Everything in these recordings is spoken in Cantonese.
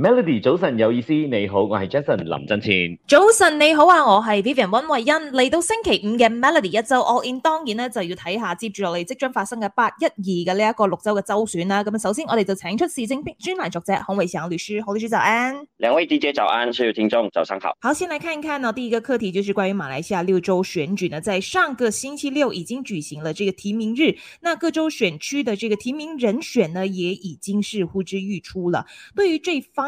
Melody 早晨有意思，你好，我係 Jason 林振前。早晨你好啊，我係 Vivian 溫慧欣。嚟到星期五嘅 Melody 一周 all in，當然呢，就要睇下接住落嚟即將發生嘅八一二嘅呢一個六州嘅州選啦。咁首先我哋就請出市政專專欄作者孔偉祥、律師，好，律師早安。兩位 DJ 早安，所有聽眾早上好。好，先來看一看呢、啊，第一個課題就是關於馬來西亞六州選舉呢，在上個星期六已經舉行了這個提名日，那各州選區的這個提名人選呢，也已經是呼之欲出了。對於這方。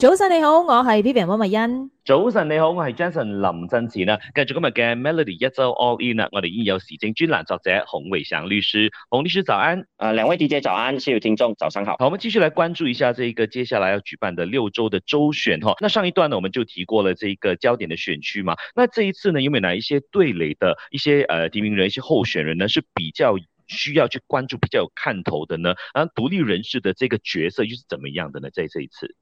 早晨你好，我是 Pierre 溫慧欣。早晨你好，我係 Jason 林振志啦。繼續今日嘅 Melody 一周 All In 啦。我哋已經有時政專欄作者洪偉祥律師，洪律師早安。啊，兩位 DJ 早安，所有聽眾早上好。好，我們繼續來關注一下這一個接下來要舉辦的六州的州選哈。那上一段呢我們就提過了這一個焦點的選區嘛。那這一次呢有冇哪一些對壘的一些呃提名人、一些候選人呢是比較需要去關注、比較有看頭的呢？啊，獨立人士的這個角色又是怎麼樣的呢？在這，這一次？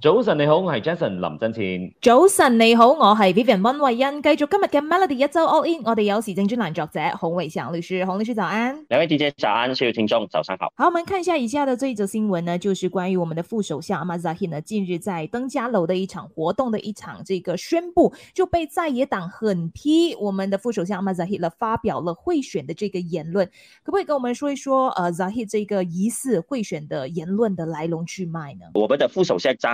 早晨你好，我係 Jason 林振前。早晨你好，我係 Vivian 溫慧欣。繼續今日嘅 Melody 一周 All In，我哋有時政專欄作者洪偉祥律師，洪律師早安。兩位姐姐早安，所有聽眾早上好。好，我們看一下以下的這一則新聞呢，就是關於我們的副首相阿末扎希呢，近日在登嘉樓的一場活動的一場這個宣布，就被在野黨狠批，我們的副首相阿末扎希啦發表了賄選的這個言論。可不可以跟我們說一說，呃，扎希，ah、這個疑似賄選的言論的來龍去脈呢？我們的副首相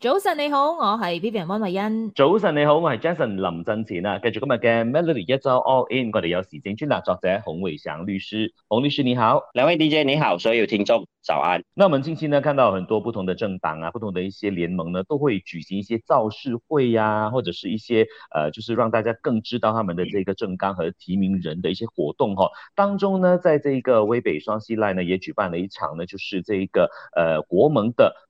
早晨你好，我係 Vivian 溫慧欣。早晨你好，我係 Jason 林振前啊。繼續今日嘅 Melody 一周 all, all In，我哋有時政專欄作者洪偉祥律師，洪律師你好，兩位 DJ 你好，所有聽眾早安。那我們近期呢，看到很多不同的政黨啊，不同的一些聯盟呢，都會舉行一些造勢會呀、啊，或者是一些，呃，就是讓大家更知道他們的這個政綱和提名人的一些活動、啊。哈，當中呢，在這一個威北雙溪賴呢，也舉辦了一場呢，就是這一個，呃，國盟的。